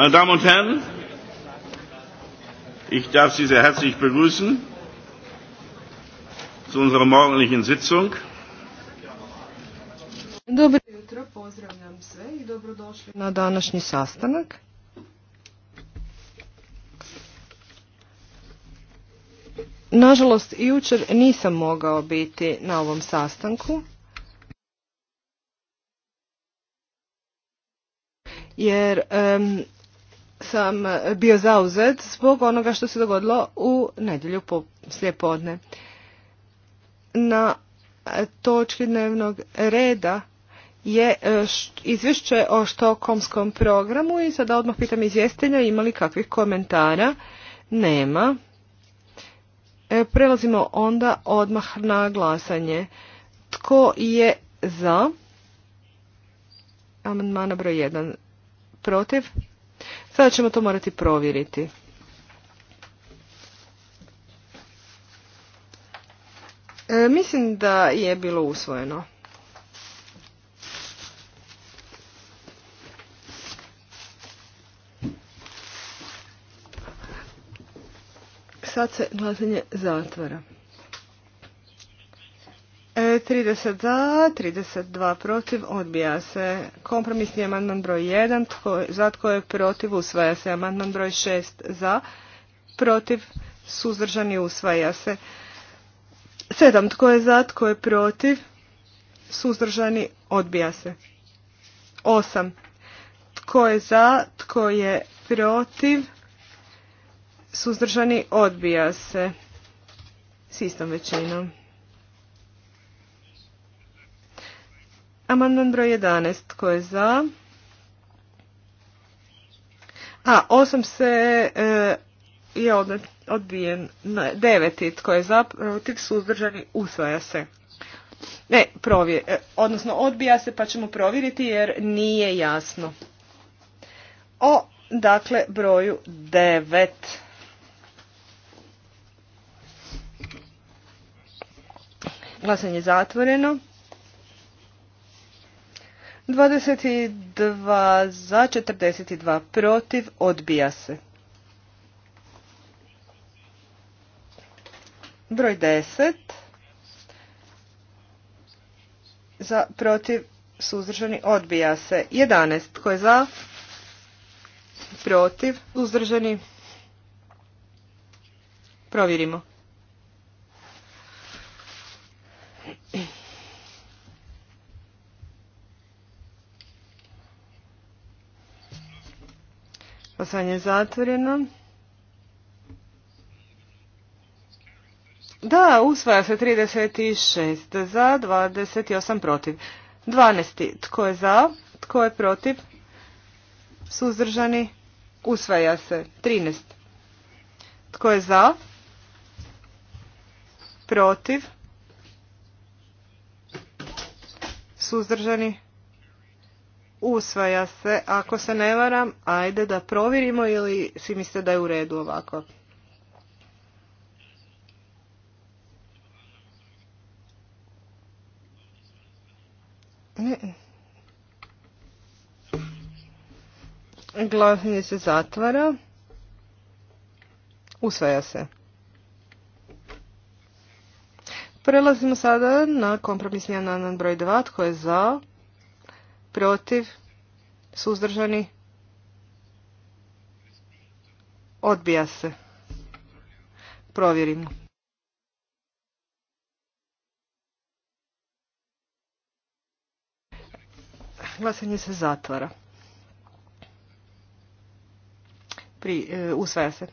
Meine Damen und Herren, ich darf Sie sehr herzlich begrüßen zu unserer morgendlichen Sitzung. Nažalost, jučer nisam mogao biti na ovom sastanku. jer sam e, bio zauzet zbog onoga što se dogodilo u nedjelju slijepodne. Na e, točki dnevnog reda je e, izvješće o štokomskom programu i sada odmah pitam izvjestelja ima li kakvih komentara. Nema. Prelazimo onda odmah na glasanje. Tko je za? Amandmana broj 1. Protiv? Sada ćemo to morati provjeriti. E, mislim da je bilo usvojeno. Sad se glasanje zatvara. 30 e, za, 32 protiv, odbija se. Kompromisni amandman broj 1, tko, za tko je protiv, usvaja se. Amandman broj 6 za, protiv, suzdržani, usvaja se. 7 tko je za, tko je protiv, suzdržani, odbija se. 8 tko je za, tko je protiv, suzdržani, odbija se. S istom većinom. Amandman broj 11. Tko je za? A, 8 se e, je odbijen. 9. Tko je za? Protiv suzdržani usvaja se. Ne, e, odnosno odbija se pa ćemo provjeriti jer nije jasno. O, dakle, broju 9. Glasanje je zatvoreno. 22 za, 42 protiv, odbija se. Broj 10 za, protiv, suzdržani, odbija se. 11 tko je za, protiv, suzdržani, provjerimo. Glasovanje je zatvoreno. Da, usvaja se 36 za, 28 protiv. 12. Tko je za? Tko je protiv? Suzdržani? Usvaja se. 13. Tko je za? Protiv? Suzdržani? Usvaja se, ako se ne varam, ajde da provjerimo ili svi mislite da je u redu ovako. Glasanje se zatvara. Usvaja se. Prelazimo sada na kompromisni amandman broj 2. Tko je za? protiv, suzdržani, odbija se. Provjerimo. Glasanje se zatvara. Pri, e, usvaja se.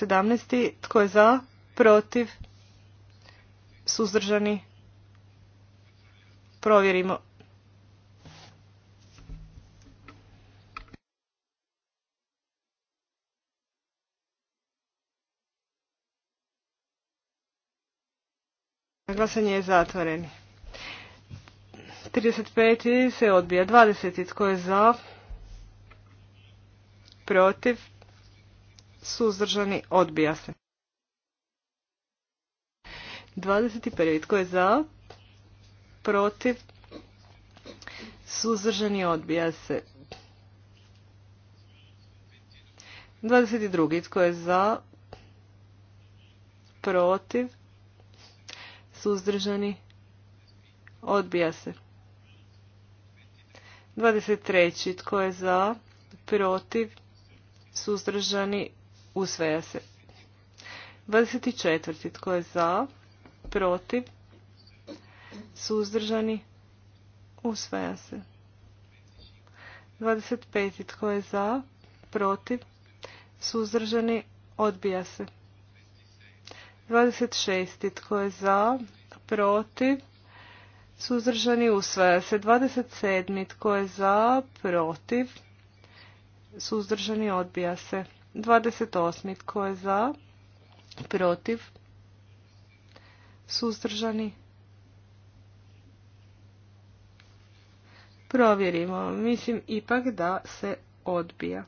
17. Tko je za? Protiv? Suzdržani? Provjerimo. Glasanje je zatvoreni? 35. se odbija. 20. tko je za? Protiv? Suzdržani? Odbija se. 21. tko je za? Protiv? Suzdržani? Odbija se. 22. tko je za? Protiv? suzdržani, odbija se. 23. Tko je za, protiv, suzdržani, usvaja se. 24. Tko je za, protiv, suzdržani, usvaja se. 25. Tko je za, protiv, suzdržani, odbija se. 26. Tko je za? Protiv? Suzdržani usvaja se. 27. Tko je za? Protiv? Suzdržani odbija se. 28. Tko je za? Protiv? Suzdržani? Provjerimo. Mislim ipak da se odbija.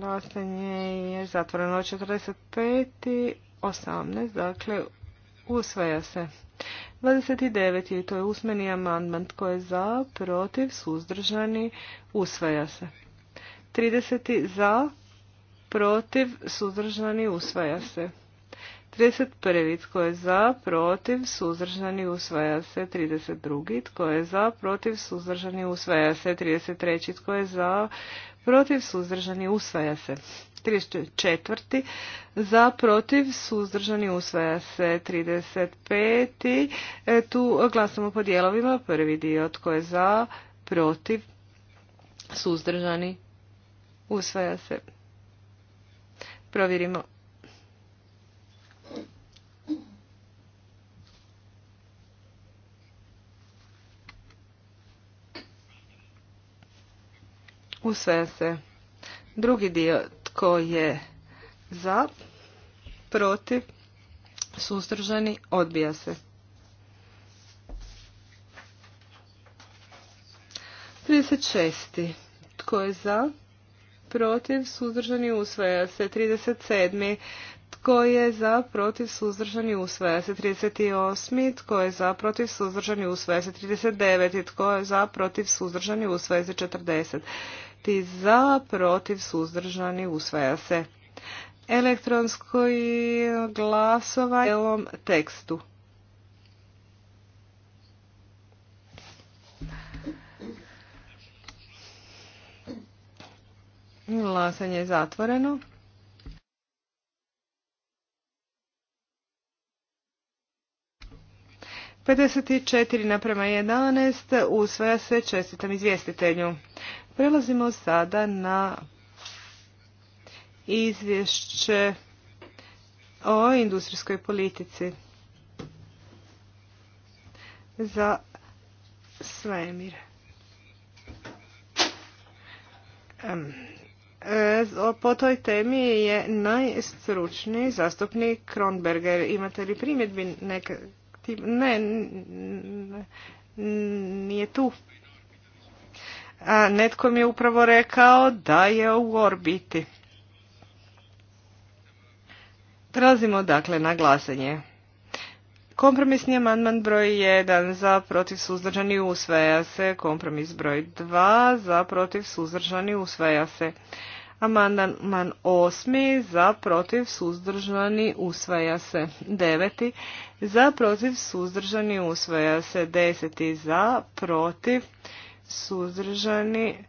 Glasanje je zatvoreno 45. 18. Dakle, usvaja se. 29. i to je usmeni amandman tko je za, protiv, suzdržani, usvaja se. 30. za, protiv, suzdržani, usvaja se. 31. Tko je za, protiv, suzdržani, usvaja se. 32. Tko je za, protiv, suzdržani, usvaja se. 33. Tko je za, protiv, suzdržani, usvaja se. 34. za, protiv, suzdržani, usvaja se. 35. E, tu glasamo po dijelovima. Prvi dio tko je za, protiv, suzdržani, usvaja se. Provjerimo. Usvaja se. Drugi dio tko je za, protiv, suzdržani, odbija se. 36. Tko je za? Protiv, suzdržani, usvaja se. 37. Tko je za? Protiv, suzdržani, usvaja se. 38. Tko je za? Protiv, suzdržani, usvaja se. 39. Tko je za? Protiv, suzdržani, usvaja se. 40 biti za, protiv, suzdržani, usvaja se. Elektronsko i u ovom tekstu. Glasanje je zatvoreno. Pedeset četiri naprema jedanaest usvaja se čestitam izvjestitelju. Prelazimo sada na izvješće o industrijskoj politici za svemir. E, po toj temi je najstručniji zastupnik Kronberger. Imate li primjedbi neka? Ne, nije tu. A netko mi je upravo rekao da je u orbiti. Prelazimo dakle na glasanje. Kompromisni amandman broj 1 za protiv suzdržani usvaja se. Kompromis broj 2 za protiv suzdržani usvaja se. Amandman 8 za protiv suzdržani usvaja se. 9 za protiv suzdržani usvaja se. 10 za protiv suzdržani,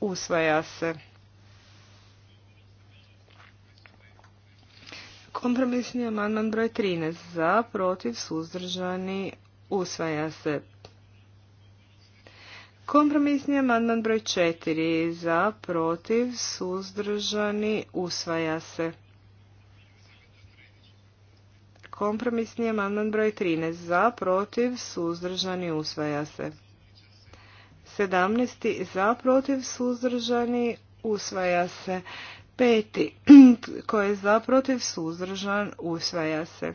usvaja se. Kompromisni amandman broj 13 za, protiv, suzdržani, usvaja se. Kompromisni amandman broj 4 za, protiv, suzdržani, usvaja se. Kompromisni amandman broj 13 za, protiv, suzdržani, usvaja se. 17. za protiv suzdržani usvaja se. Peti koji je za protiv suzdržan usvaja se.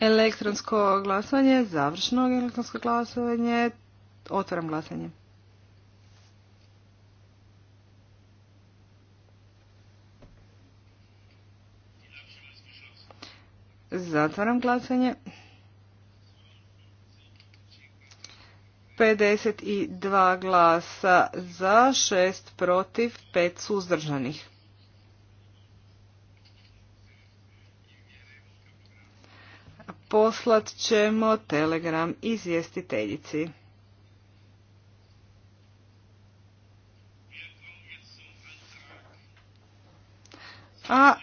Elektronsko glasovanje, završno elektronsko glasovanje, otvaram glasanje. Zatvaram glasanje. 52 glasa za, 6 protiv, 5 suzdržanih. Poslat ćemo telegram izvjestiteljici. A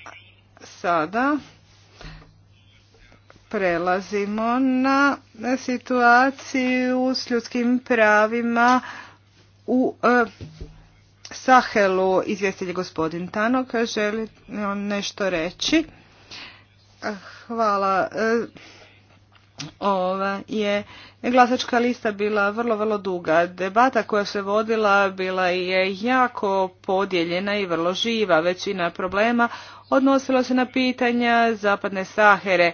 sada prelazimo na situaciju s ljudskim pravima u e, Sahelu. Izvjestitelj gospodin Tanok želi nešto reći. Hvala. E, ova je glasačka lista bila vrlo, vrlo duga. Debata koja se vodila bila je jako podijeljena i vrlo živa. Većina problema odnosila se na pitanja zapadne Sahere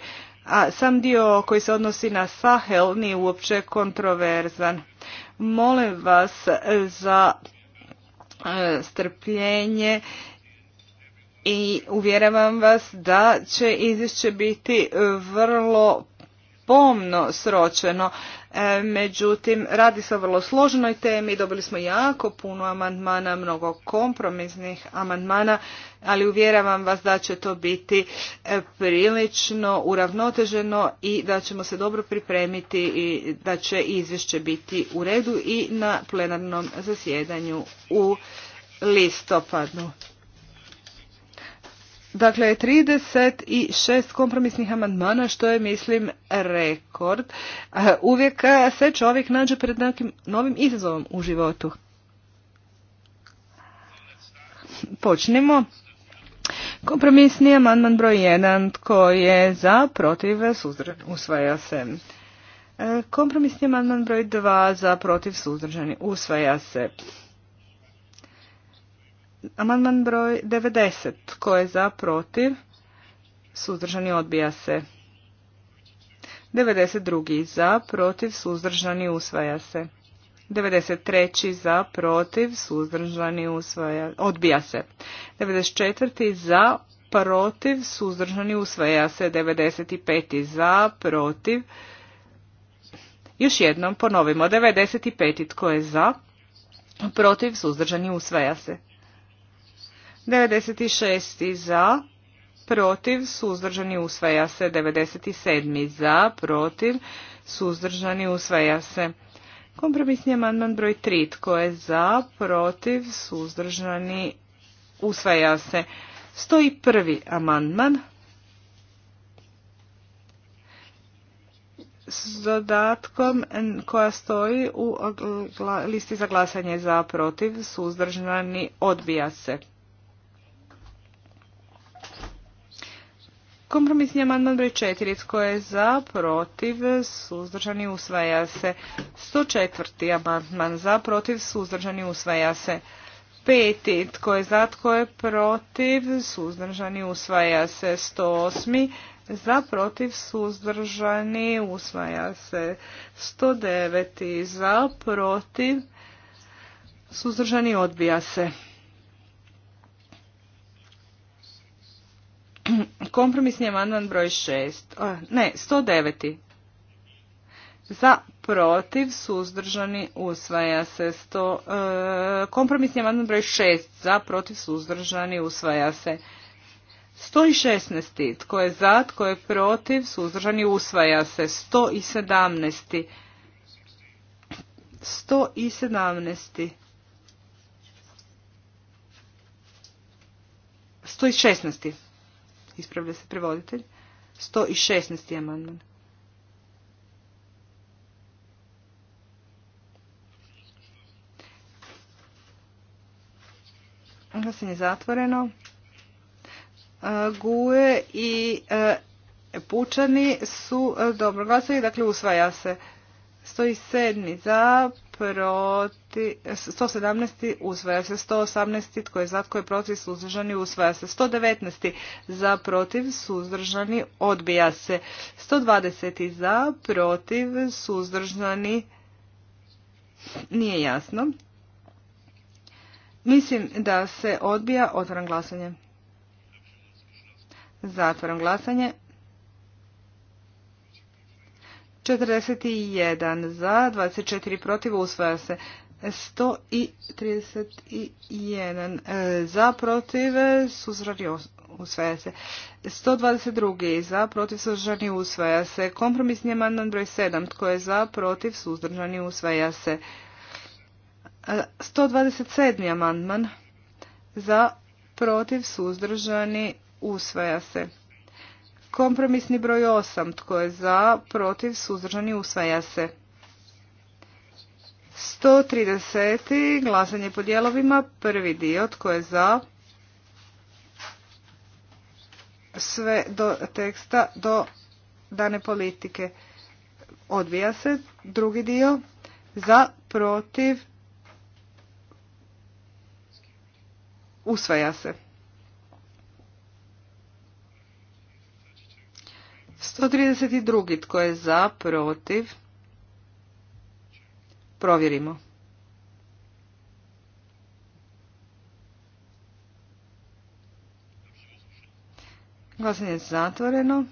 a sam dio koji se odnosi na Sahel nije uopće kontroverzan. Molim vas za e, strpljenje i uvjeravam vas da će izvješće biti vrlo pomno sročeno. E, međutim, radi se o vrlo složenoj temi, dobili smo jako puno amandmana, mnogo kompromisnih amandmana, ali uvjeravam vas da će to biti e, prilično uravnoteženo i da ćemo se dobro pripremiti i da će izvješće biti u redu i na plenarnom zasjedanju u listopadu. Dakle, 36 kompromisnih amandmana, što je, mislim, rekord. Uvijek se čovjek nađe pred nekim novim izazovom u životu. Počnimo. Kompromisni amandman broj 1, koji je za, protiv, usvaja se. E, kompromisni amandman broj 2, za, protiv, suzdržani, usvaja se. Amandman broj 90. Tko je za, protiv? Suzdržani odbija se. 92. Za, protiv, suzdržani usvaja se. 93. Za, protiv, suzdržani usvaja, odbija se. 94. Za, protiv, suzdržani usvaja se. 95. Za, protiv. Još jednom ponovimo. 95. Tko je za, protiv, suzdržani usvaja se. 96. za, protiv, suzdržani usvaja se. 97. za, protiv, suzdržani usvaja se. Kompromisni amandman broj 3. Tko je za, protiv, suzdržani usvaja se. 101. amandman. s dodatkom koja stoji u listi za glasanje za protiv, suzdržani, odbija se. Kompromisni amandman broj 4. Tko je za, protiv, suzdržani, usvaja se. 104. amandman za, protiv, suzdržani, usvaja se. Peti Tko je za, tko je protiv, suzdržani, usvaja se. 108. Za, protiv, suzdržani, usvaja se. 109. Za, protiv, suzdržani, odbija se. Kompromisni amandman broj šest. Ne, sto 109. Za, protiv, suzdržani, usvaja se. sto e, kompromisni amandman broj šest. Za, protiv, suzdržani, usvaja se. Sto 116. Tko je za, tko je protiv, suzdržani, usvaja se. Sto 117. 117. 116 ispravlja se prevoditelj. 116. amandman. Glasanje je zatvoreno. E, Guje i e, pučani su e, dobro glasali, dakle usvaja se. 107. za, proti, 117. usvaja se 118. tko je za, tko je protiv, suzdržani, usvaja se 119. za, protiv, suzdržani, odbija se 120. za, protiv, suzdržani, nije jasno. Mislim da se odbija, otvaram glasanje. Zatvaram glasanje. 41 za, 24 protiv, usvaja se. 131 e, za, protiv, suzrani usvaja se. 122 za, protiv, suzdržani usvaja se. Kompromisni amandman broj 7, tko je za, protiv, suzdržani usvaja se. 127. E, amandman za, protiv, suzdržani usvaja se. Kompromisni broj osam, Tko je za, protiv, suzdržani, usvaja se. 130. Glasanje po dijelovima. Prvi dio. Tko je za? Sve do teksta do dane politike. Odvija se. Drugi dio. Za, protiv, usvaja se. 132. Tko je za, protiv? Provjerimo. Glasanje je zatvoreno.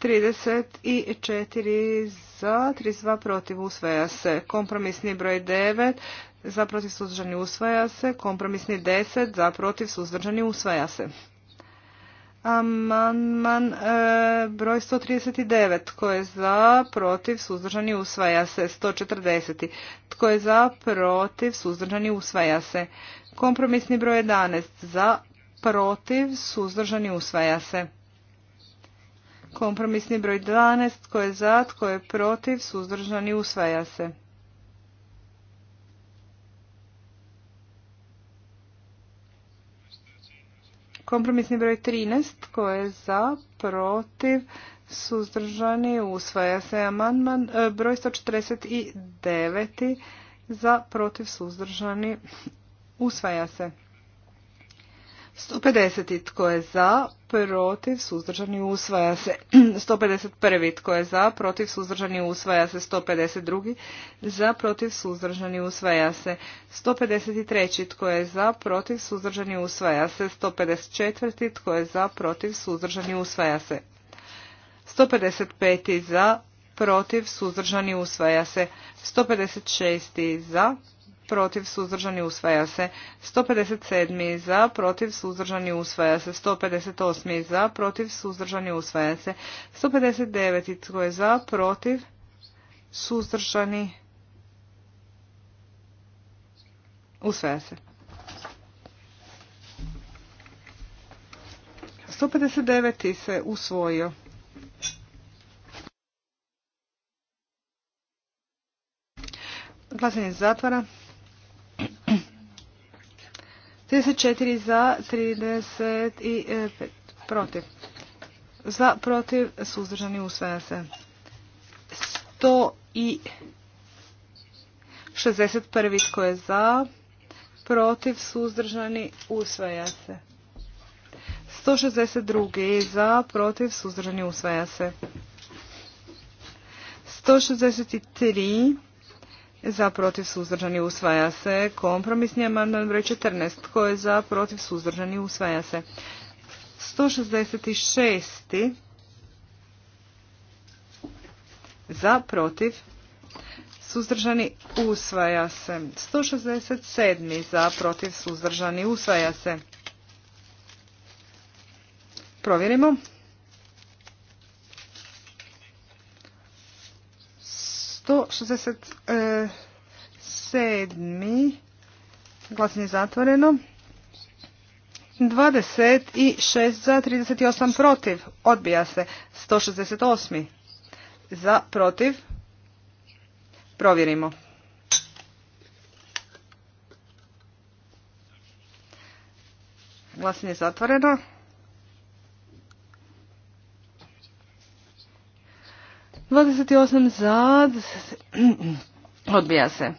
34 za, 32 protiv usvaja se. Kompromisni broj 9 za protiv suzdržani usvaja se. Kompromisni 10 za protiv suzdržani usvaja se. Amandman e, broj 139. Tko je za, protiv, suzdržani, usvaja se. 140. Tko je za, protiv, suzdržani, usvaja se. Kompromisni broj 11. Za, protiv, suzdržani, usvaja se. Kompromisni broj 12. Tko je za, tko je protiv, suzdržani, usvaja se. Kompromisni broj 13. Tko je za? Protiv? Suzdržani? Usvaja se amandman. E, broj 149. Za? Protiv? Suzdržani? Usvaja se. 150. Tko je za? Protiv. Suzdržani usvaja se. 151. Tko je za? Protiv. Suzdržani usvaja se. 152. Za. Protiv. Suzdržani usvaja se. 153. Tko je za? Protiv. Suzdržani usvaja se. 154. Tko je za? Protiv. Suzdržani usvaja se. 155. Za. Protiv. Suzdržani usvaja se. 156. Za protiv suzdržani usvaja se 157. za protiv suzdržani usvaja se 158. za protiv suzdržani usvaja se 159. tko je za protiv suzdržani usvaja se 159. se usvojio Glasanje zatvara. 34 za, 35 e, protiv. Za, protiv, suzdržani usvaja se. 100 i 61. Tko je za, protiv, suzdržani usvaja se. 162. Za, protiv, suzdržani usvaja se. 163 za protiv suzdržani usvaja se. Kompromisni amandman broj 14. Tko je za protiv suzdržani usvaja se. 166. Za protiv suzdržani usvaja se. 167. Za protiv suzdržani usvaja se. Provjerimo. 167. Glasanje je zatvoreno. 26 za, 38 protiv. Odbija se. 168. Za, protiv. Provjerimo. Glasanje je zatvoreno. 28 za, odbija se.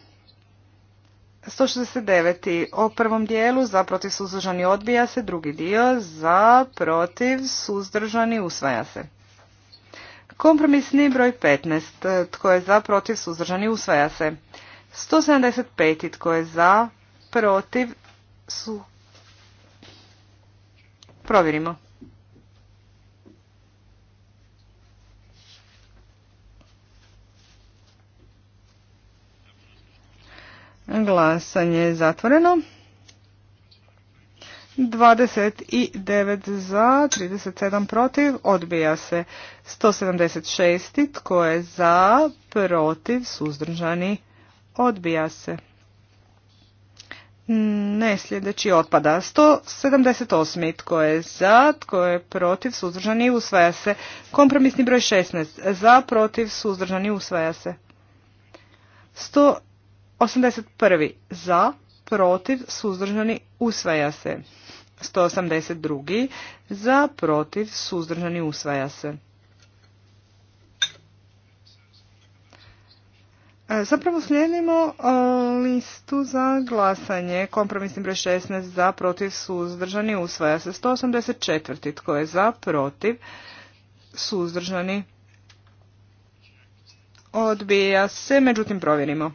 169. O prvom dijelu za protiv suzdržani odbija se, drugi dio za protiv suzdržani usvaja se. Kompromisni broj 15. Tko je za protiv suzdržani usvaja se. 175. Tko je za protiv su... Provjerimo. Glasanje je zatvoreno. 29 za, 37 protiv, odbija se 176, tko je za, protiv, suzdržani, odbija se. Ne, sljedeći otpada. 178. Tko je za, tko je protiv, suzdržani, usvaja se. Kompromisni broj 16. Za, protiv, suzdržani, usvaja se. 100 81. za, protiv, suzdržani, usvaja se. 182. za, protiv, suzdržani, usvaja se. E, zapravo slijedimo e, listu za glasanje. Kompromisni broj 16 za, protiv, suzdržani, usvaja se. 184. Tko je za, protiv, suzdržani, odbija se. Međutim, provjerimo.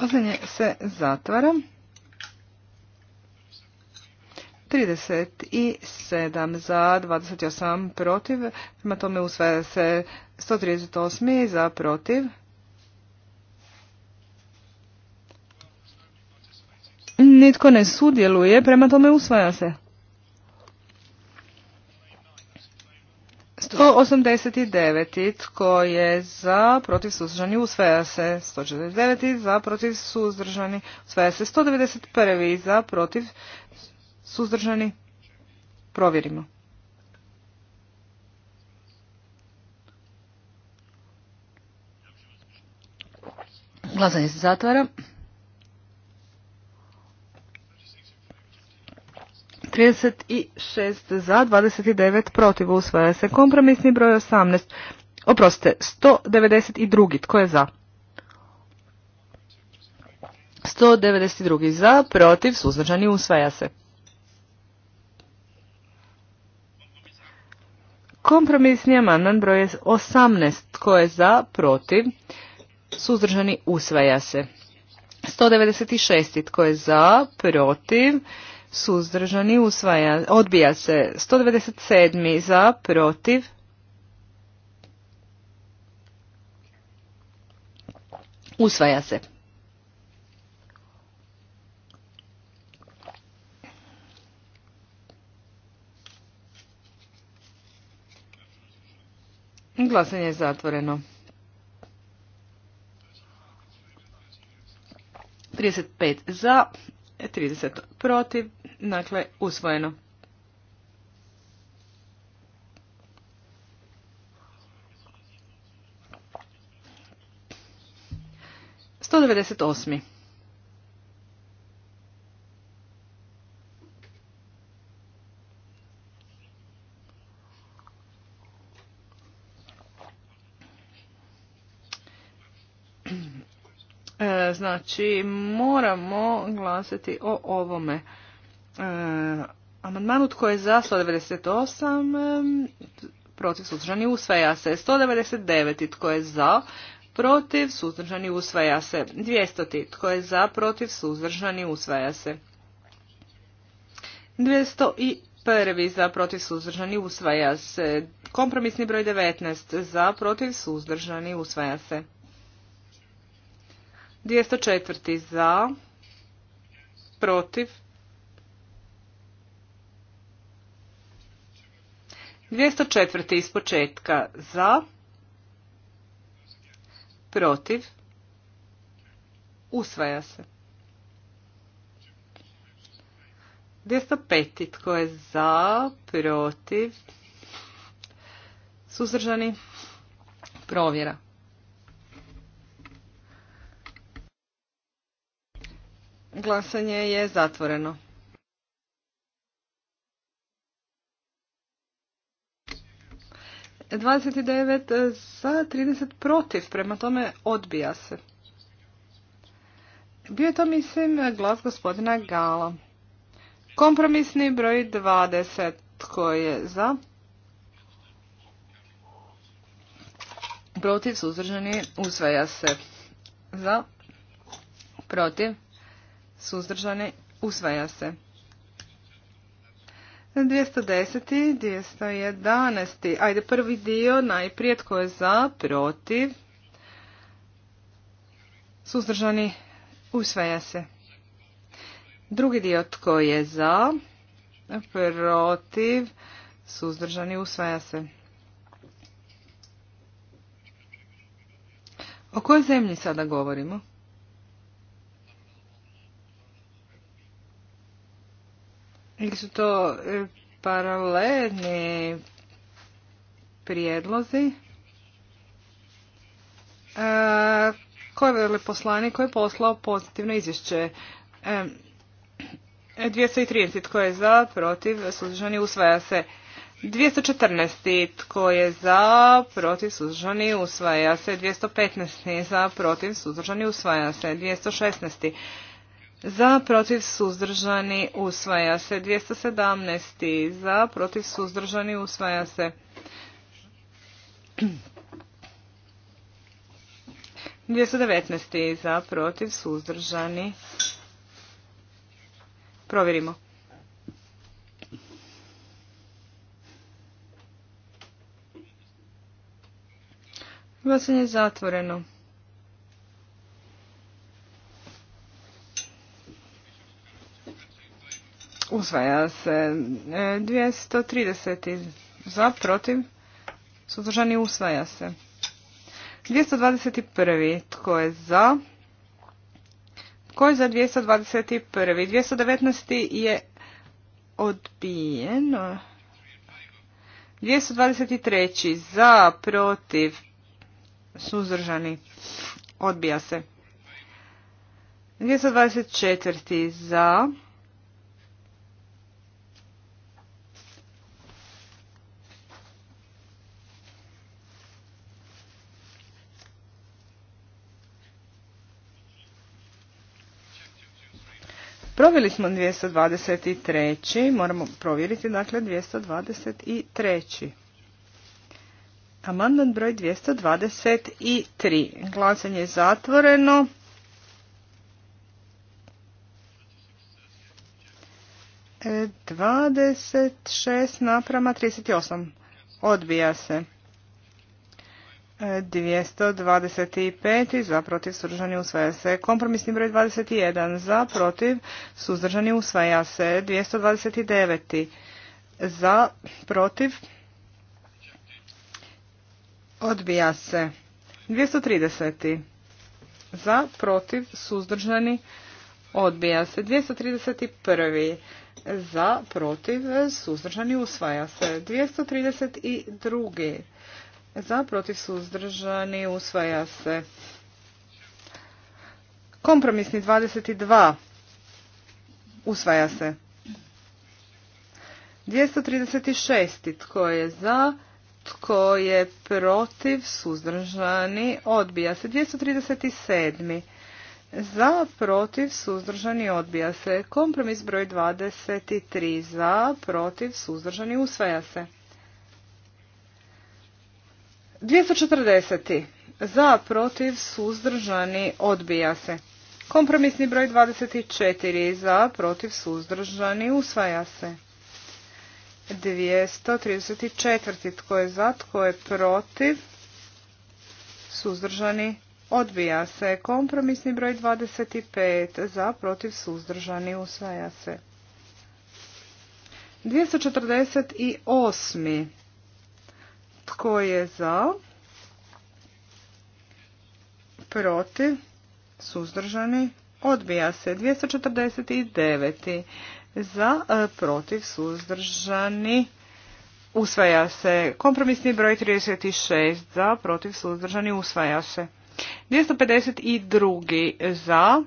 Poznanje se zatvara. 37 za, 28 protiv. Prema tome usvaja se 138 za protiv. Nitko ne sudjeluje, prema tome usvaja se. 189. Tko je za, protiv suzdržani, usvaja se. 149. Za, protiv suzdržani, usvaja se. 191. Za, protiv suzdržani, provjerimo. Glasanje se zatvara. 36 za, 29 protiv, usvaja se. Kompromisni broj 18, oprostite, 192. Tko je za? 192. za, protiv, suzdržani, usvaja se. Kompromisni amandman broj 18. Tko je za, protiv, suzdržani, usvaja se. 196. Tko je za, protiv, suzdržani, usvaja, odbija se 197. za, protiv, usvaja se. Glasanje je zatvoreno. 35 za, 30 protiv, Dakle, usvojeno. Sto devedeset e, Znači, moramo glasiti o ovome. E, amandman tko je za 198, e, protiv suzdržani usvaja se. 199. Tko je za, protiv suzdržani usvaja se. 200. Tko je za, protiv suzdržani usvaja se. 201. Za, protiv suzdržani usvaja se. Kompromisni broj 19. Za, protiv suzdržani usvaja se. 204. Za, protiv 204. iz početka za, protiv, usvaja se. 205. tko je za, protiv, suzdržani, provjera. Glasanje je zatvoreno. 29 za, 30 protiv, prema tome odbija se. Bio je to, mislim, glas gospodina Gala. Kompromisni broj 20, tko je za? Protiv, suzdržani, usvaja se. Za, protiv, suzdržani, usvaja se. 210. 211. Ajde, prvi dio, najprije tko je za, protiv, suzdržani, usvaja se. Drugi dio, tko je za, protiv, suzdržani, usvaja se. O kojoj zemlji sada govorimo? Ili su to e, paralelni prijedlozi? Tko e, je veleposlanik koji je poslao pozitivno izvješće? 230. E, tko je za? Protiv? Suzdržani? Usvaja se. 214. Tko je za? Protiv? Suzdržani? Usvaja se. 215. Za? Protiv? Suzdržani? Usvaja se. 216 za, protiv, suzdržani, usvaja se. 217. za, protiv, suzdržani, usvaja se. 219. za, protiv, suzdržani. Provjerimo. Glasanje je zatvoreno. Usvaja se. 230. E, za, protiv. Suzdržani usvaja se. 221. Tko je za? Tko je za 221? 219. je odbijeno. 223. Za, protiv. Suzdržani. Odbija se. 224. Za. Provjerili smo 223. Moramo provjeriti, dakle, 223. Amandman broj 223. Glasanje je zatvoreno. E, 26 naprama 38. Odbija se. 225 za protiv suzdržani usvaja se. Kompromisni broj 21 za protiv suzdržani usvaja se. 229 za protiv odbija se. 230 za protiv suzdržani odbija se. 231 za protiv suzdržani usvaja se. 232 za protiv suzdržani usvaja se. Kompromisni 22 usvaja se. 236. Tko je za? Tko je protiv? Suzdržani. Odbija se. 237. Za, protiv, suzdržani, odbija se. Kompromis broj 23. Za, protiv, suzdržani, usvaja se. 240. Za, protiv, suzdržani, odbija se. Kompromisni broj 24. Za, protiv, suzdržani, usvaja se. 234. Tko je za, tko je protiv, suzdržani, odbija se. Kompromisni broj 25. Za, protiv, suzdržani, usvaja se. 248. Tko je za? Protiv? Suzdržani? Odbija se. 249. Za? E, protiv? Suzdržani? Usvaja se. Kompromisni broj 36. Za? Protiv? Suzdržani? Usvaja se. 252. Za?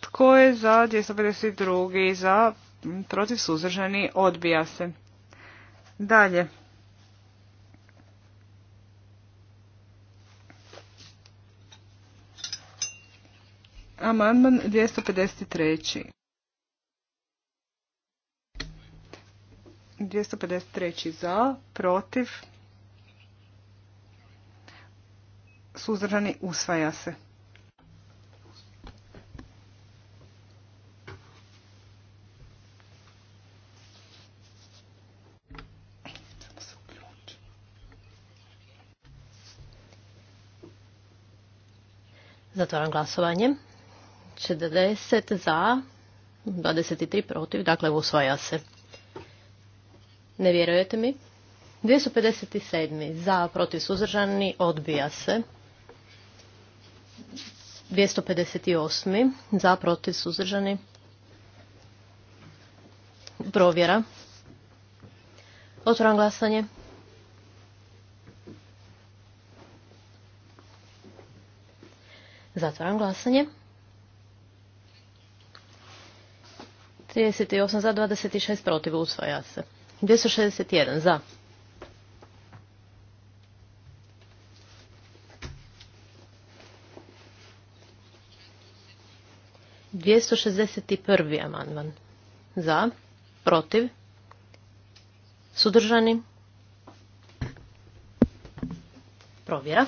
Tko je za 252. Za? protiv suzdržani odbija se. Dalje. Amandman 253. 253 za, protiv, suzdržani usvaja se. Zatvaram glasovanje. 40 za, 23 protiv, dakle usvaja se. Ne vjerujete mi? 257. Za, protiv, suzdržani, odbija se. 258. Za, protiv, suzdržani. Provjera. Otvoram glasanje. Zatvaram glasanje. 38 za, 26 protiv, usvaja se. 261 za. Dvijesto šestdeset prvi amandman. Za, protiv, sudržani, provjera.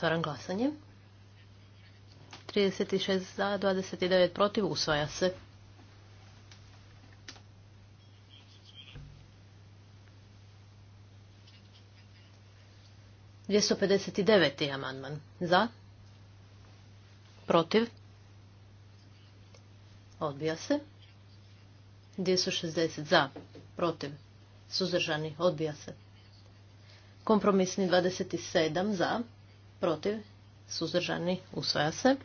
Otvaram glasanje. 36 za, 29 protiv, usvaja se. Dvjesto pedeset devet amandman za protiv odbija se 260 za protiv suzdržani odbija se kompromisni 27 za protiv, suzdržani, usvaja se.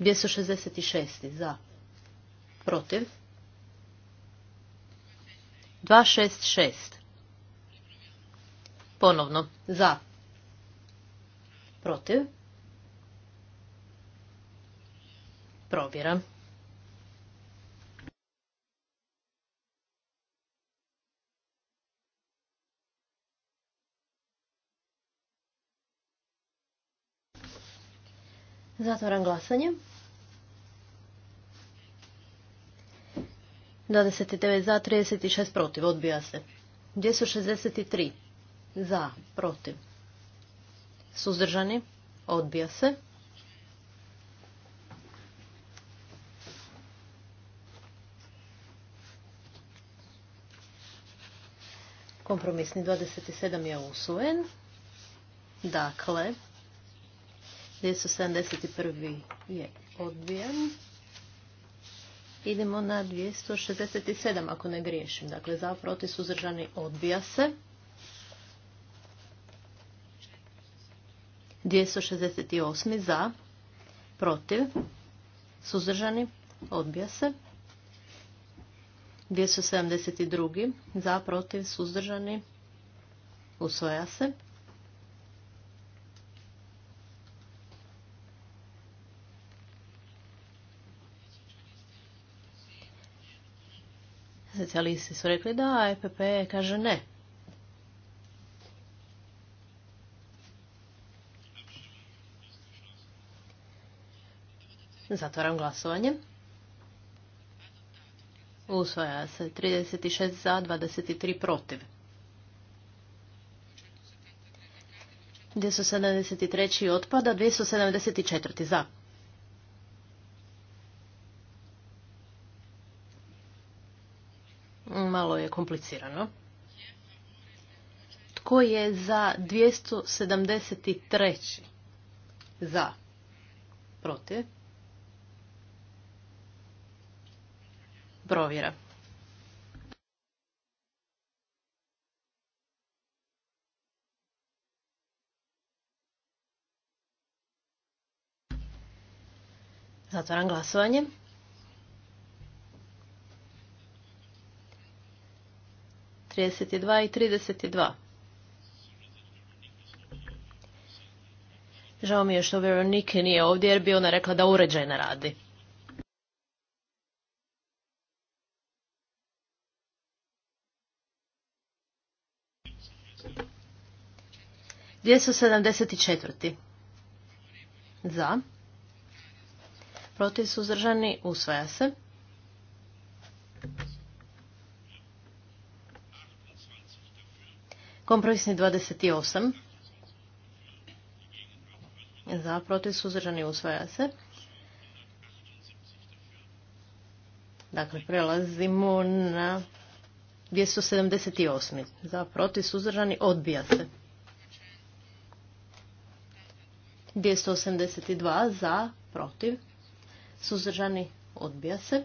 266. za, protiv. 266. Ponovno, za, protiv. 266. Zatvaram glasanje. 29 za, 36 protiv. Odbija se. 263 za, protiv. Suzdržani. Odbija se. Kompromisni 27 je usvojen. Dakle, 271. je odbijen. Idemo na 267, ako ne griješim. Dakle, za, protiv, suzdržani, odbija se. 268. za, protiv, suzdržani, odbija se. 272. za, protiv, suzdržani, usvoja se. socijalisti su rekli da, a e EPP kaže ne. Zatvoram glasovanje. Usvaja se 36 za, 23 protiv. 273. otpada, 274. za. komplicirano. Tko je za 273. Za. Protiv. Provjera. Zatvaram glasovanje. 32 i 32. Žao mi je što Veronike nije ovdje jer bi ona rekla da uređaj ne radi. Dvjesto sedamdeset četiri za protiv suzdržani usvaja se Kompromisni 28. Za, protiv, suzdržani, usvaja se. Dakle, prelazimo na 278. Za, protiv, suzdržani, odbija se. 282 za, protiv, suzdržani, odbija se.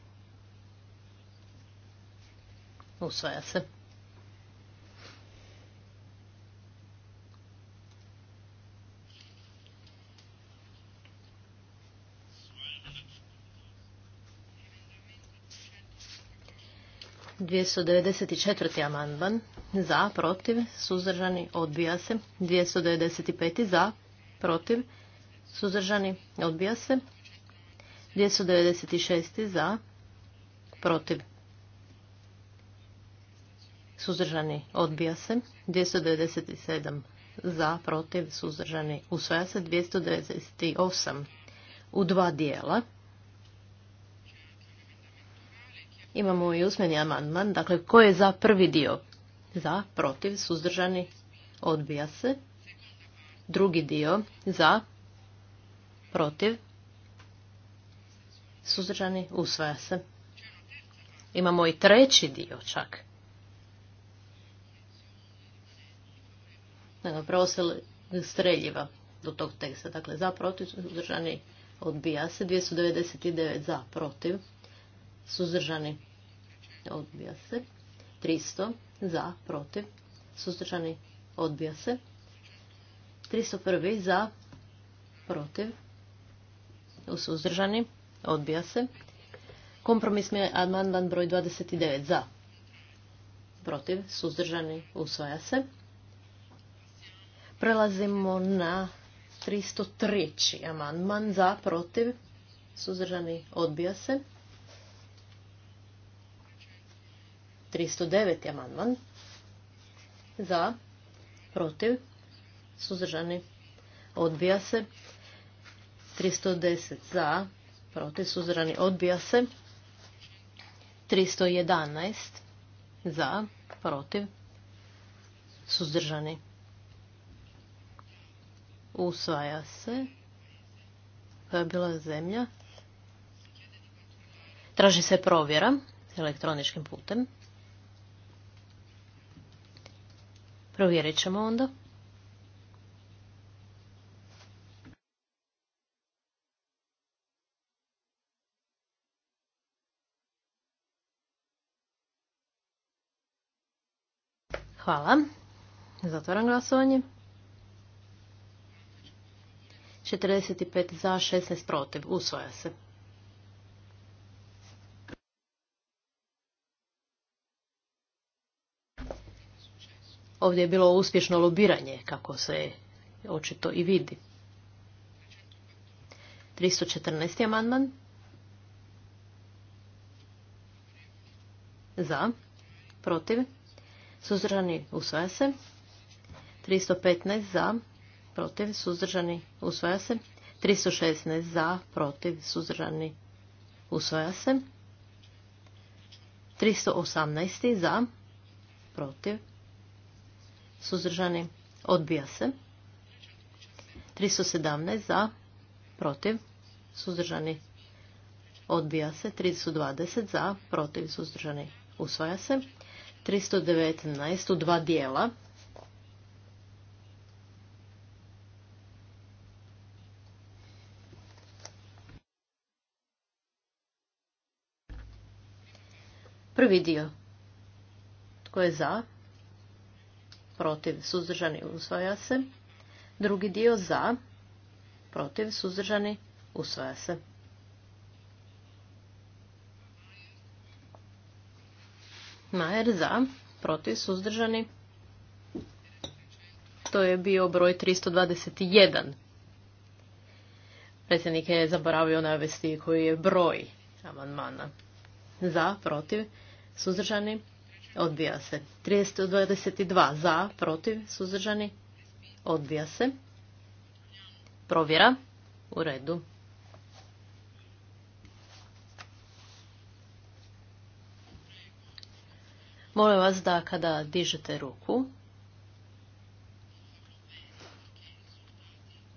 Usvaja se. dvjesto devedeset četiri amandman za protiv suzdržani odbija se dvjesto devedeset pet za protiv suzdržani odbija se dvjesto devedeset šest za protiv suzdržani, odbija se. 297 za, protiv, suzdržani, usvaja se. 298 u dva dijela. Imamo i usmeni amandman. Dakle, ko je za prvi dio? Za, protiv, suzdržani, odbija se. Drugi dio, za, protiv, suzdržani, usvaja se. Imamo i treći dio čak. preostale streljiva do tog teksta. Dakle, za protiv, suzdržani odbija se. 299 za protiv, suzdržani odbija se. 300 za protiv, suzdržani odbija se. 301 za protiv, suzdržani odbija se. Kompromis je amandman broj 29 za protiv, suzdržani usvaja se. Prelazimo na 303. amandman za, protiv, suzdržani, odbija se. 309. amandman za, protiv, suzdržani, odbija se. 310 za, protiv, suzdržani, odbija se. 311 za, protiv, suzdržani, usvaja se. Koja je bila zemlja? Traži se provjera elektroničkim putem. Provjerit ćemo onda. Hvala. Zatvaram glasovanje. 45 za, 16 protiv. Usvaja se. Ovdje je bilo uspješno lobiranje, kako se očito i vidi. 314. amandman. Za. Protiv. Suzdržani usvaja se. 315 za protiv, suzdržani, usvaja se. 316 za, protiv, suzdržani, usvaja se. 318 za, protiv, suzdržani, odbija se. 317 za, protiv, suzdržani, odbija se. 320 za, protiv, suzdržani, usvaja se. 319 u dva dijela. Prvi dio. Tko je za? Protiv. Suzdržani usvaja se. Drugi dio za. Protiv. Suzdržani usvaja se. Majer za. Protiv. Suzdržani. To je bio broj 321. Predsjednik je zaboravio navesti koji je broj amandmana. Za, protiv, Suzdržani? Odbija se. 322 za, protiv, suzdržani? Odbija se. Provjera. U redu. Molim vas da kada dižete ruku,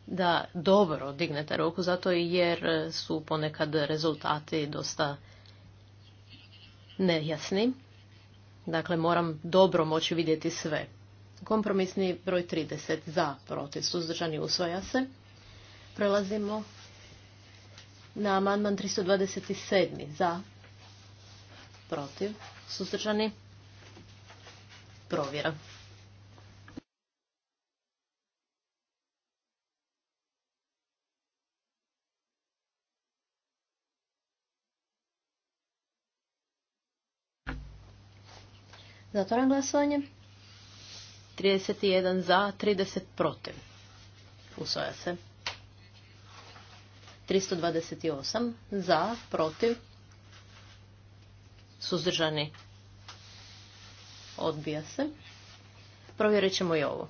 da dobro dignete ruku, zato jer su ponekad rezultati dosta nejasni. Dakle, moram dobro moći vidjeti sve. Kompromisni broj 30 za protiv suzdržani usvaja se. Prelazimo na amandman 327 za protiv suzdržani provjera. Zatvoram glasovanje. 31 za, 30 protiv. Usvaja se. 328 za, protiv. Suzdržani. Odbija se. Provjerit ćemo i ovo.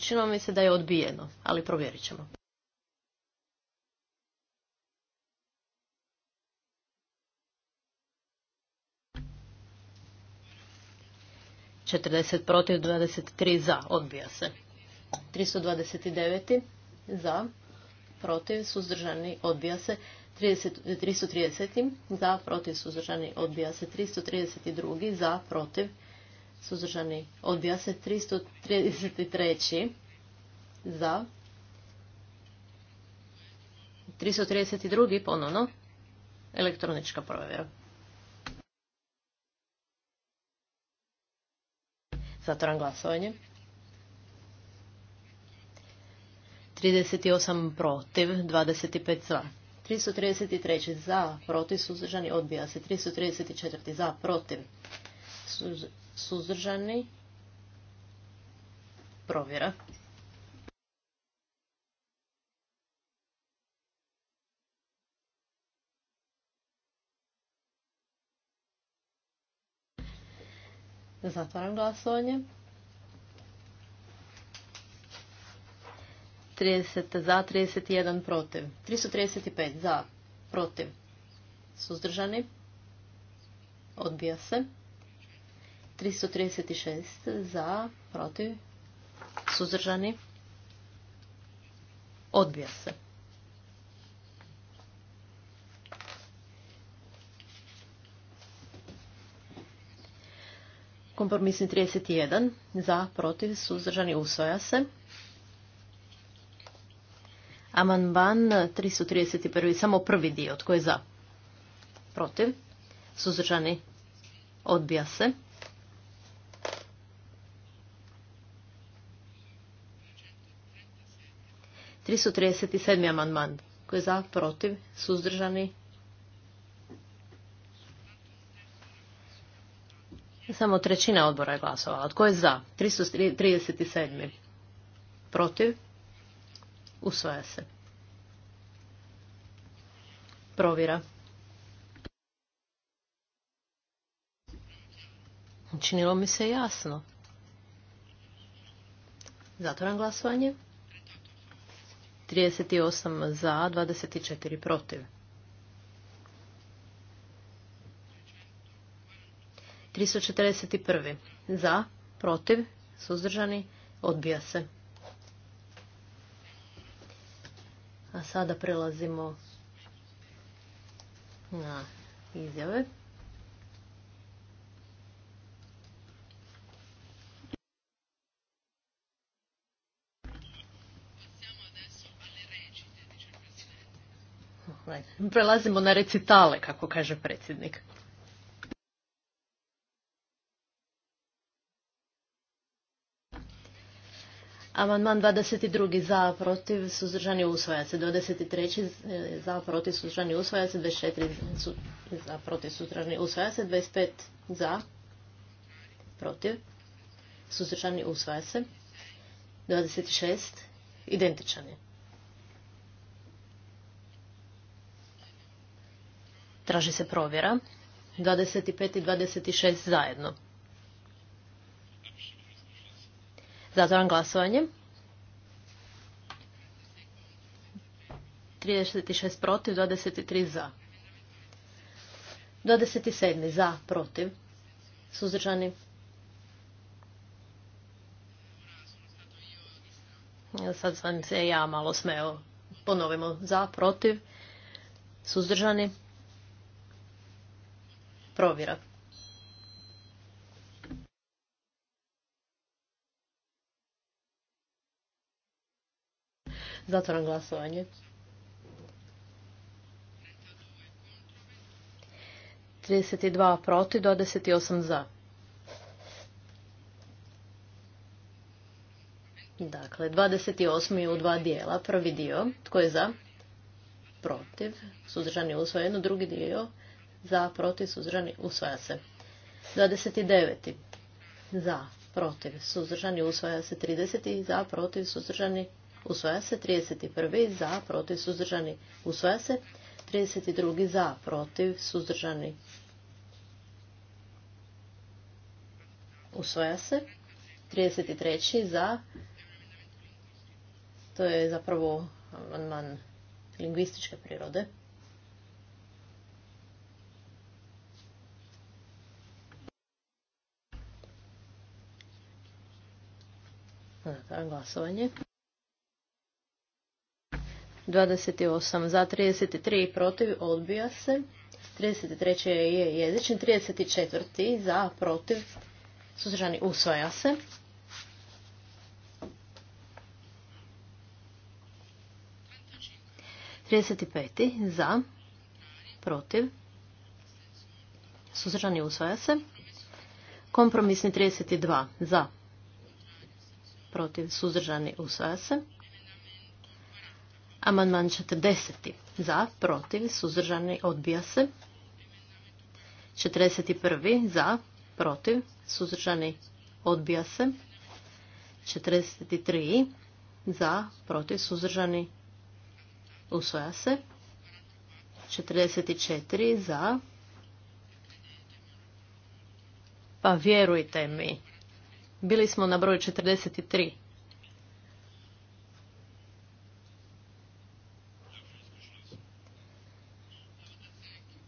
Činilo mi se da je odbijeno, ali provjerit ćemo. 40 protiv, 23 za. Odbija se. 329. za. Protiv, suzdržani, odbija se. 330. za. Protiv, suzdržani, odbija se. 332. za. Protiv, suzdržani, odbija se. 333. za. 332. ponovno. Elektronička provjera. Zatvoram glasovanje. 38 protiv, 25 za. 333 za, protiv, suzdržani, odbija se. 334 za, protiv, suzdržani, provjera. Zatvaram glasovanje. 30 za, 31 protiv. 335 za, protiv. Suzdržani. Odbija se. 336 za, protiv. Suzdržani. Odbija se. Kompromisni 31 za, protiv, suzdržani, usvoja se. Amandman 331. Samo prvi dio. Tko je za? Protiv. Suzdržani. Odbija se. Tristo trideset amandman. Tko je za? Protiv. Suzdržani. Samo trećina odbora je glasovala. Tko je za? 337. Protiv? Usvaja se. Provjera. Činilo mi se jasno. Zatvoram glasovanje. 38 za, 24 protiv. 341. Za, protiv, suzdržani, odbija se. A sada prelazimo na izjave. Prelazimo na recitale, kako kaže predsjednik. Amandman 22. za, protiv, suzdržani, usvaja se. 23. za, protiv, suzdržani, usvaja se. 24. za, protiv, suzdržani, usvaja se. 25. za, protiv, suzdržani, usvaja se. 26. identičan je. Traži se provjera. 25 i 26 zajedno. Zatvaram glasovanje. 36 protiv, 23 za. 27 za, protiv. Suzdržani. Sad sam se ja malo smeo. Ponovimo za, protiv. Suzdržani. Provjera. Zatvoram glasovanje. 32 protiv, 28 za. Dakle, 28. je u dva dijela. Prvi dio, tko je za? Protiv, suzdržani usvojeno. Drugi dio, za, protiv, suzdržani usvaja se. 29. za, protiv, suzdržani usvaja se. 30. za, protiv, suzdržani usvaja se, 31. za, protiv, suzdržani, usvaja se, 32. za, protiv, suzdržani, usvaja se, 33. za, to je zapravo amandman lingvističke prirode. glasovanje. 28 za, 33 protiv, odbija se. 33. je jezični, 34. za, protiv, suzdržani, usvaja se. Trideset za, protiv, suzdržani usvaja se. Kompromisni 32 za, protiv, suzdržani usvaja se. Amandman 40. Za, protiv, suzdržani, odbija se. 41. Za, protiv, suzdržani, odbija se. 43. Za, protiv, suzdržani, usvoja se. 44. Za. Pa vjerujte mi, bili smo na broju 43.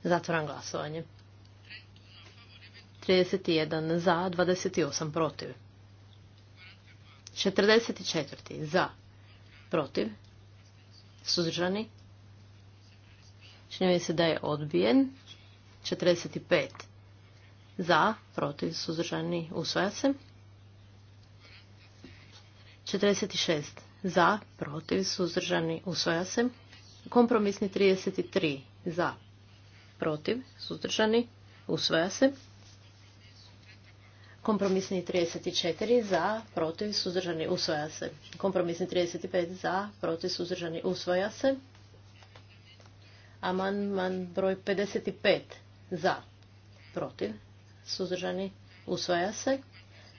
Zatvoram glasovanje. 31 za, 28 protiv. 44 za, protiv, suzdržani. Čini se da je odbijen. 45 za, protiv, suzdržani, usvaja se. 46 za, protiv, suzdržani, usvaja se. Kompromisni 33 za, protiv, suzdržani, usvaja se. Kompromisni 34 za, protiv, suzdržani, usvaja se. Kompromisni 35 za, protiv, suzdržani, usvaja se. Amandman broj 55 za, protiv, suzdržani, usvaja se.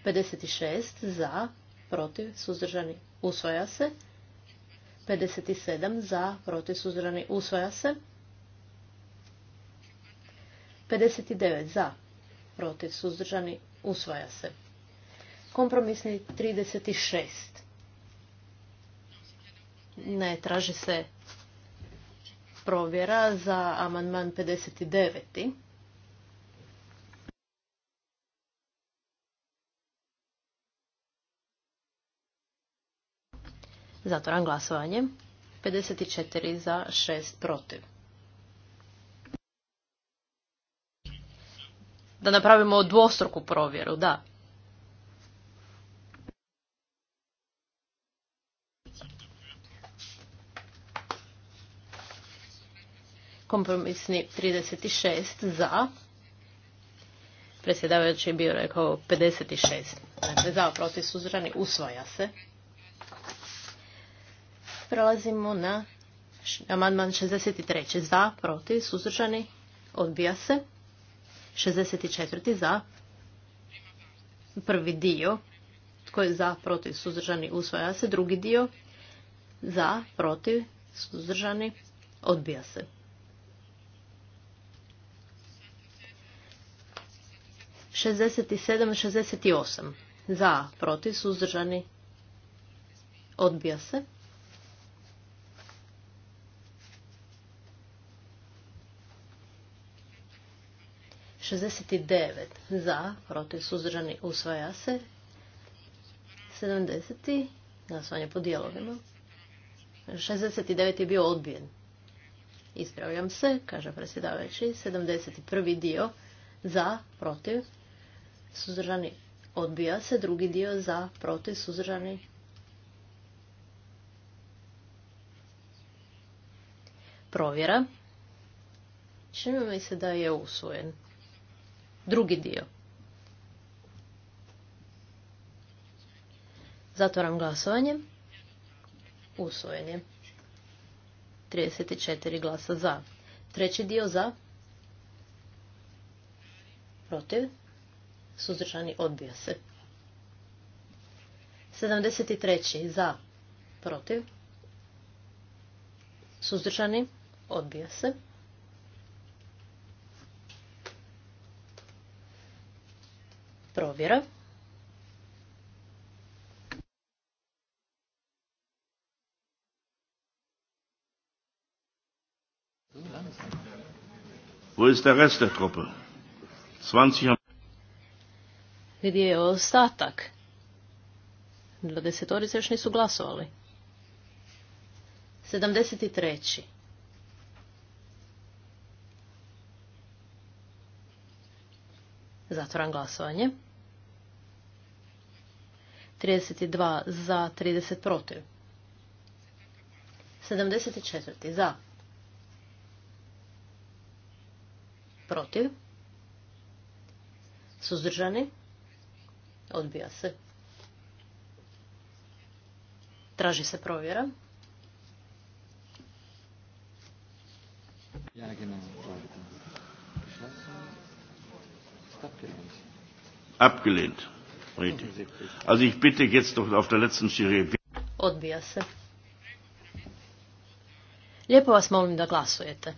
56 za, protiv, suzdržani, usvaja se. 57 za, protiv, suzdržani, usvaja se. 59 za, protiv, suzdržani, usvaja se. Kompromisni 36. Ne, traži se provjera za amandman 59. Zatvoram glasovanje. 54 za, 6 protiv. da napravimo dvostruku provjeru, da. Kompromisni 36 za. Presjedavajući je bio rekao 56. Dakle, za, protiv, suzrani, usvaja se. Prelazimo na amandman 63. Za, protiv, suzdržani, odbija se. 64. za prvi dio tko je za, protiv, suzdržani, usvaja se. Drugi dio za, protiv, suzdržani, odbija se. Šestdeset sedam, šezdeset osam. Za, protiv, suzdržani, odbija se. 69 za, protiv suzdržani usvaja se. 70. Glasovanje po dijelovima. 69 je bio odbijen. Ispravljam se, kaže predsjedavajući. 71. dio za, protiv, suzdržani odbija se. Drugi dio za, protiv, suzdržani provjera. Čini mi se da je usvojen drugi dio. Zatvoram glasovanje. Usvojen je. 34 glasa za. Treći dio za. Protiv. Suzdržani odbija se. 73. za. Protiv. Suzdržani odbija se. provjera. Wo ist der Rest der Truppe? 20 Gdje je ostatak? Dvadesetorice još nisu glasovali. 73. Zatvoram glasovanje. 32 za, 30 protiv. 74 za. Protiv. Suzdržani. Odbija se. Traži se provjera. Ja, Abgelehnt. Odbija se. Lijepo vas molim da glasujete.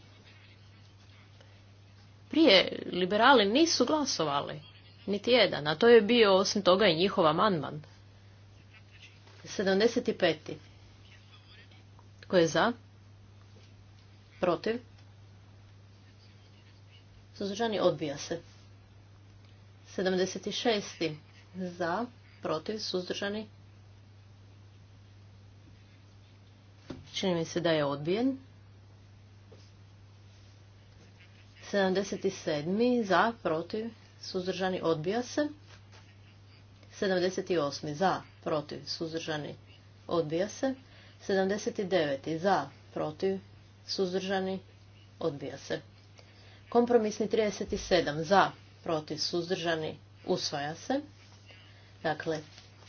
Prije liberali nisu glasovali. Niti jedan. A to je bio osim toga i njihov amandman. 75. Ko je za? Protiv? Suzdržani odbija se. 76 za, protiv, suzdržani. Čini mi se da je odbijen. 77. za, protiv, suzdržani, odbija se. 78. za, protiv, suzdržani, odbija se. 79. za, protiv, suzdržani, odbija se. Kompromisni 37. za, protiv, suzdržani, usvaja se. Dakle,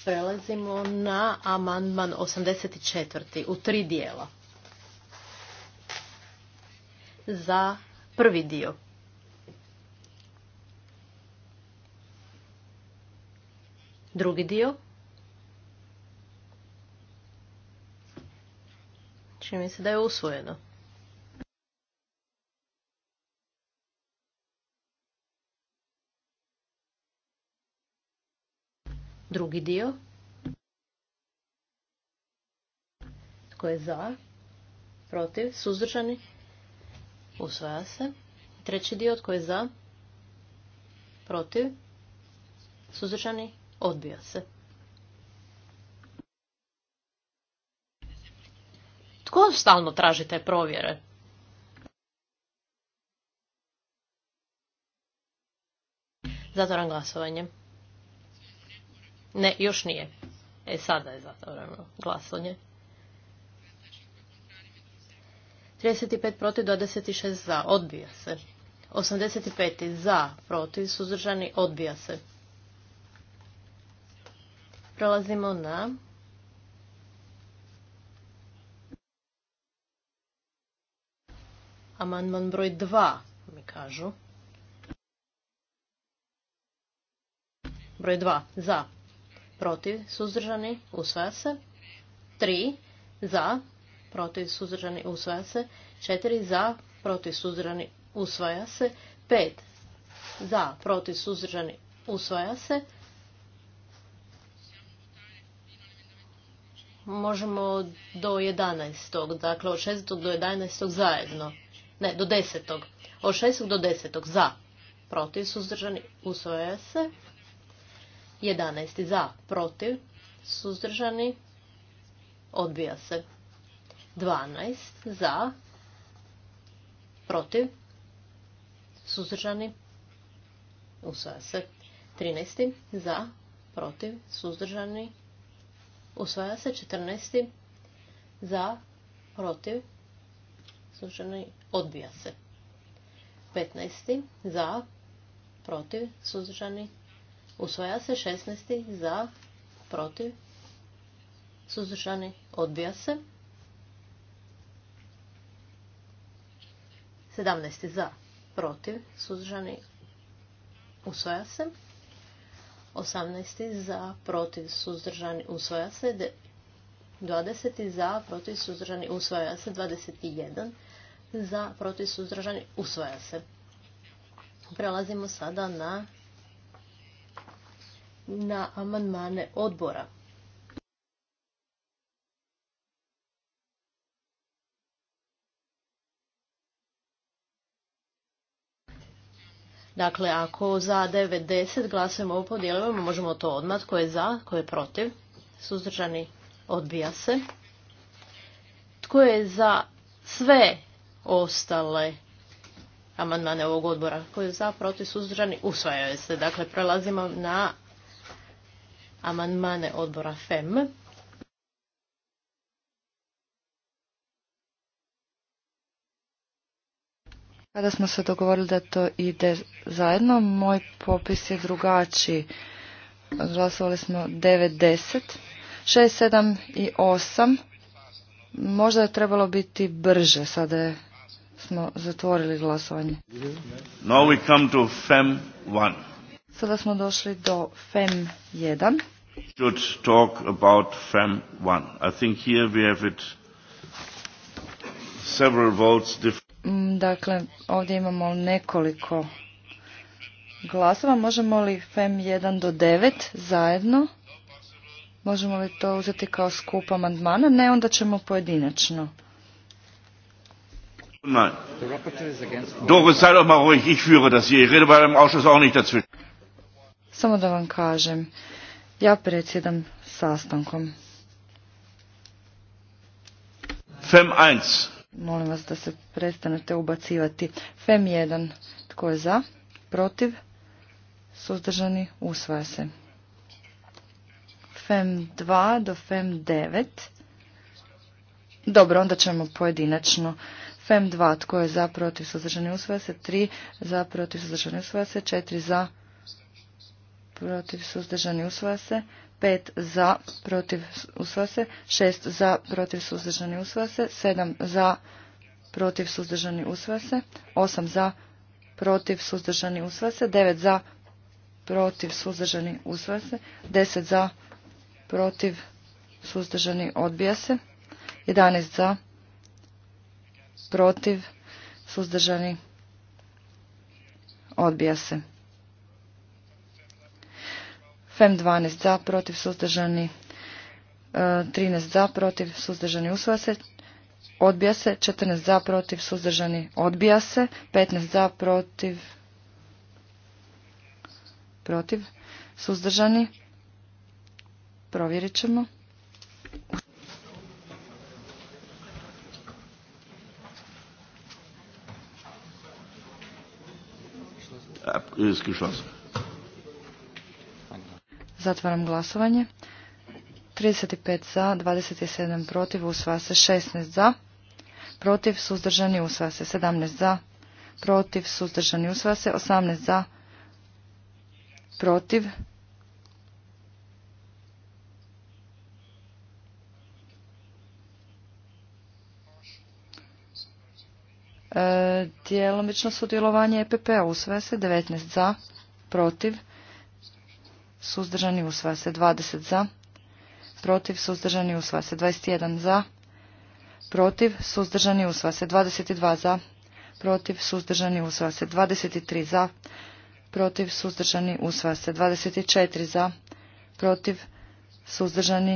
prelazimo na amandman 84. u tri dijela. Za prvi dio. Drugi dio. Čini mi se da je usvojeno. Drugi dio. Tko je za? Protiv? Suzdržani? Usvaja se. Treći dio. Tko je za? Protiv? Suzdržani? Odbija se. Tko stalno traži te provjere? Zatvoram glasovanje. Ne, još nije. E, sada je zatvoreno glasanje. 35 protiv, 26 za. Odbija se. 85 za, protiv, suzdržani, odbija se. Prelazimo na... Amandman broj 2, mi kažu. Broj 2, za, protiv, suzdržani, usvaja se. 3 za, protiv, suzdržani, usvaja se. 4 za, protiv, suzdržani, usvaja se. 5 za, protiv, suzdržani, usvaja se. Možemo do 11. Dakle, od 6. do 11. zajedno. Ne, do 10. Od 6. do 10. za, protiv, suzdržani, usvaja se. 11. za, protiv, suzdržani, odbija se. 12. za, protiv, suzdržani, usvaja se. 13. za, protiv, suzdržani, usvaja se. 14. za, protiv, suzdržani, odbija se. 15. za, protiv, suzdržani, Usvaja se 16. za, protiv, suzdržani, odbija se. 17. za, protiv, suzdržani, usvaja se. 18. za, protiv, suzdržani, usvaja se. 20. za, protiv, suzdržani, usvaja se. 21. za, protiv, suzdržani, usvaja se. Prelazimo sada na na amandmane odbora. Dakle, ako za 90 glasujemo ovo dijelovima, možemo to odmah. Tko je za, tko je protiv? Suzdržani odbija se. Tko je za sve ostale amandmane ovog odbora? Tko je za, protiv, suzdržani? Usvajaju se. Dakle, prelazimo na amandmane odbora FEM. Kada smo se dogovorili da to ide zajedno, moj popis je drugačiji. Glasovali smo 9-10, 6, 7 i 8. Možda je trebalo biti brže, sada je smo zatvorili glasovanje. Now we come to FEM 1. Sada smo došli do FEM 1 should talk about FEM 1. I think here we have it several votes different. Mm, dakle, ovdje imamo nekoliko glasova. Možemo li FEM 1 do 9 zajedno? Možemo li to uzeti kao skup amandmana? Ne, onda ćemo pojedinačno. Samo da vam kažem, ja predsjedam sastankom. FEM 1. Molim vas da se prestanete ubacivati. FEM 1. Tko je za? Protiv? Suzdržani? Usvaja se. FEM 2 do FEM 9. Dobro, onda ćemo pojedinačno. FEM 2, tko je za, protiv, suzdržani, usvaja se. 3, za, protiv, suzdržani, usvaja se. 4, za, protiv suzdržani usvaja se, 5 za protiv usvaja se, 6 za protiv suzdržani usvaja se, 7 za protiv suzdržani usvaja se, 8 za protiv suzdržani usvaja se, 9 za protiv suzdržani usvaja se, 10 za protiv suzdržani odbija se, 11 za protiv suzdržani odbija se. FEM 12 za, protiv, suzdržani, 13 e, za, protiv, suzdržani, usvoja se, odbija se, 14 za, protiv, suzdržani, odbija se, 15 za, protiv, protiv, suzdržani, provjerit ćemo. Abgeschlossen. Zatvaram glasovanje. 35 za, 27 protiv, usvaja se 16 za, protiv, suzdržani, usvaja se 17 za, protiv, suzdržani, usvaja se 18 za, protiv, E, Djelomično sudjelovanje EPP-a usvaja se 19 za, protiv, suzdržani usvaja se 20 za, protiv suzdržani usvaja se 21 za, protiv suzdržani usvaja se 22 za, protiv suzdržani usvaja se 23 za, protiv suzdržani usvaja se 24 za, protiv suzdržani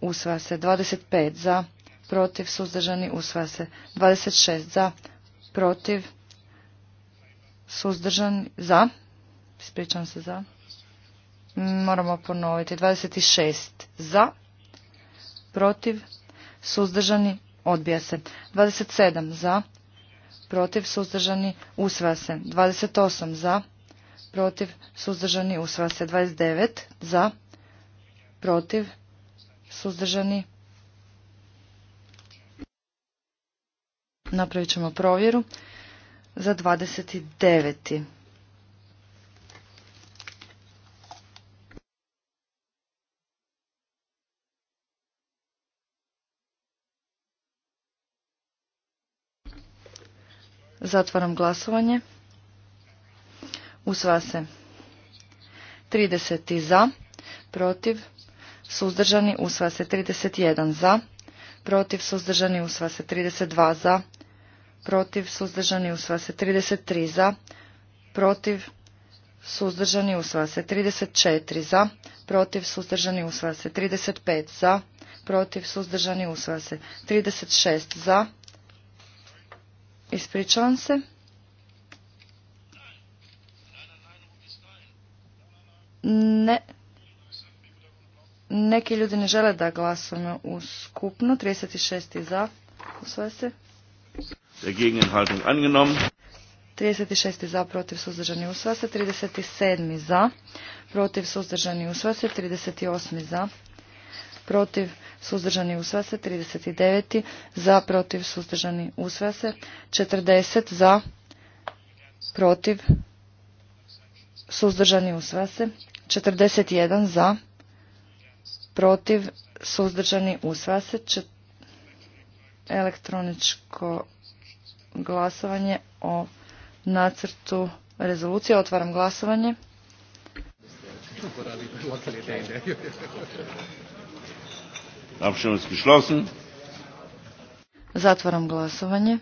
usvaja se 25 za, protiv suzdržani usvaja se 26 za, protiv suzdržani za, ispričam se za. Moramo ponoviti. 26 za, protiv, suzdržani, odbija se. 27 za, protiv, suzdržani, usvaja se. 28 za, protiv, suzdržani, usvaja se. 29 za, protiv, suzdržani. Napravit ćemo provjeru za 29. Zatvaram glasovanje. Usva se. 30 za, protiv, suzdržani, usva se 31 za, protiv, suzdržani, usva se 32 za, protiv, suzdržani, usva se 33 za, protiv, suzdržani, usva se 34 za, protiv, suzdržani, usva se 35 za, protiv, suzdržani, usva se 36 za, Ispričavam se. Ne. Neki ljudi ne žele da glasamo u skupno. 36. za. Usvaja se. 36. za, protiv suzdržani u se. 37. za, protiv suzdržani u se. 38. za, protiv suzdržani usvase, se, 39. za, protiv, suzdržani u se, 40. za, protiv, suzdržani usvase, se, 41. za, protiv, suzdržani usvase, se, elektroničko glasovanje o nacrtu rezolucije. Otvaram glasovanje. Zatvaram glasovanje.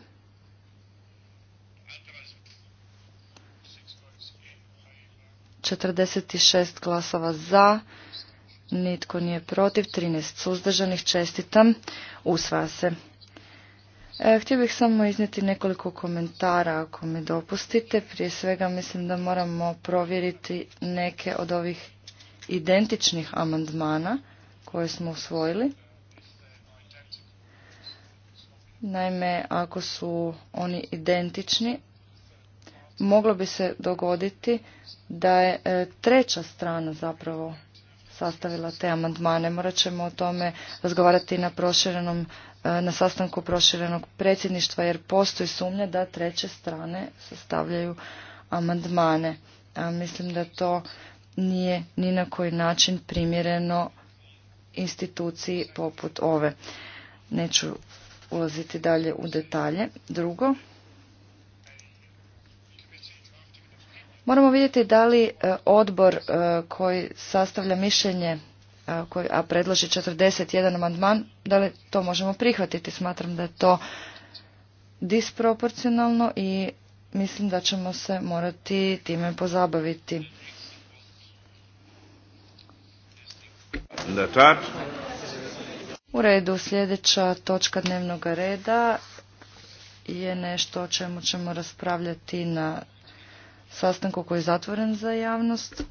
Četrdeset šest glasova za, nitko nije protiv, 13 suzdržanih, čestitam, usvaja se. E, htio bih samo iznijeti nekoliko komentara ako mi dopustite. Prije svega mislim da moramo provjeriti neke od ovih identičnih amandmana koje smo usvojili. Naime, ako su oni identični, moglo bi se dogoditi da je e, treća strana zapravo sastavila te amandmane. Morat ćemo o tome razgovarati na proširenom e, na sastanku proširenog predsjedništva jer postoji sumnja da treće strane sastavljaju amandmane. A mislim da to nije ni na koji način primjereno instituciji poput ove. Neću ulaziti dalje u detalje. Drugo, moramo vidjeti da li e, odbor e, koji sastavlja mišljenje, e, a predloži 41 amandman, da li to možemo prihvatiti. Smatram da je to disproporcionalno i mislim da ćemo se morati time pozabaviti. U redu, sljedeća točka dnevnog reda je nešto o čemu ćemo raspravljati na sastanku koji je zatvoren za javnost.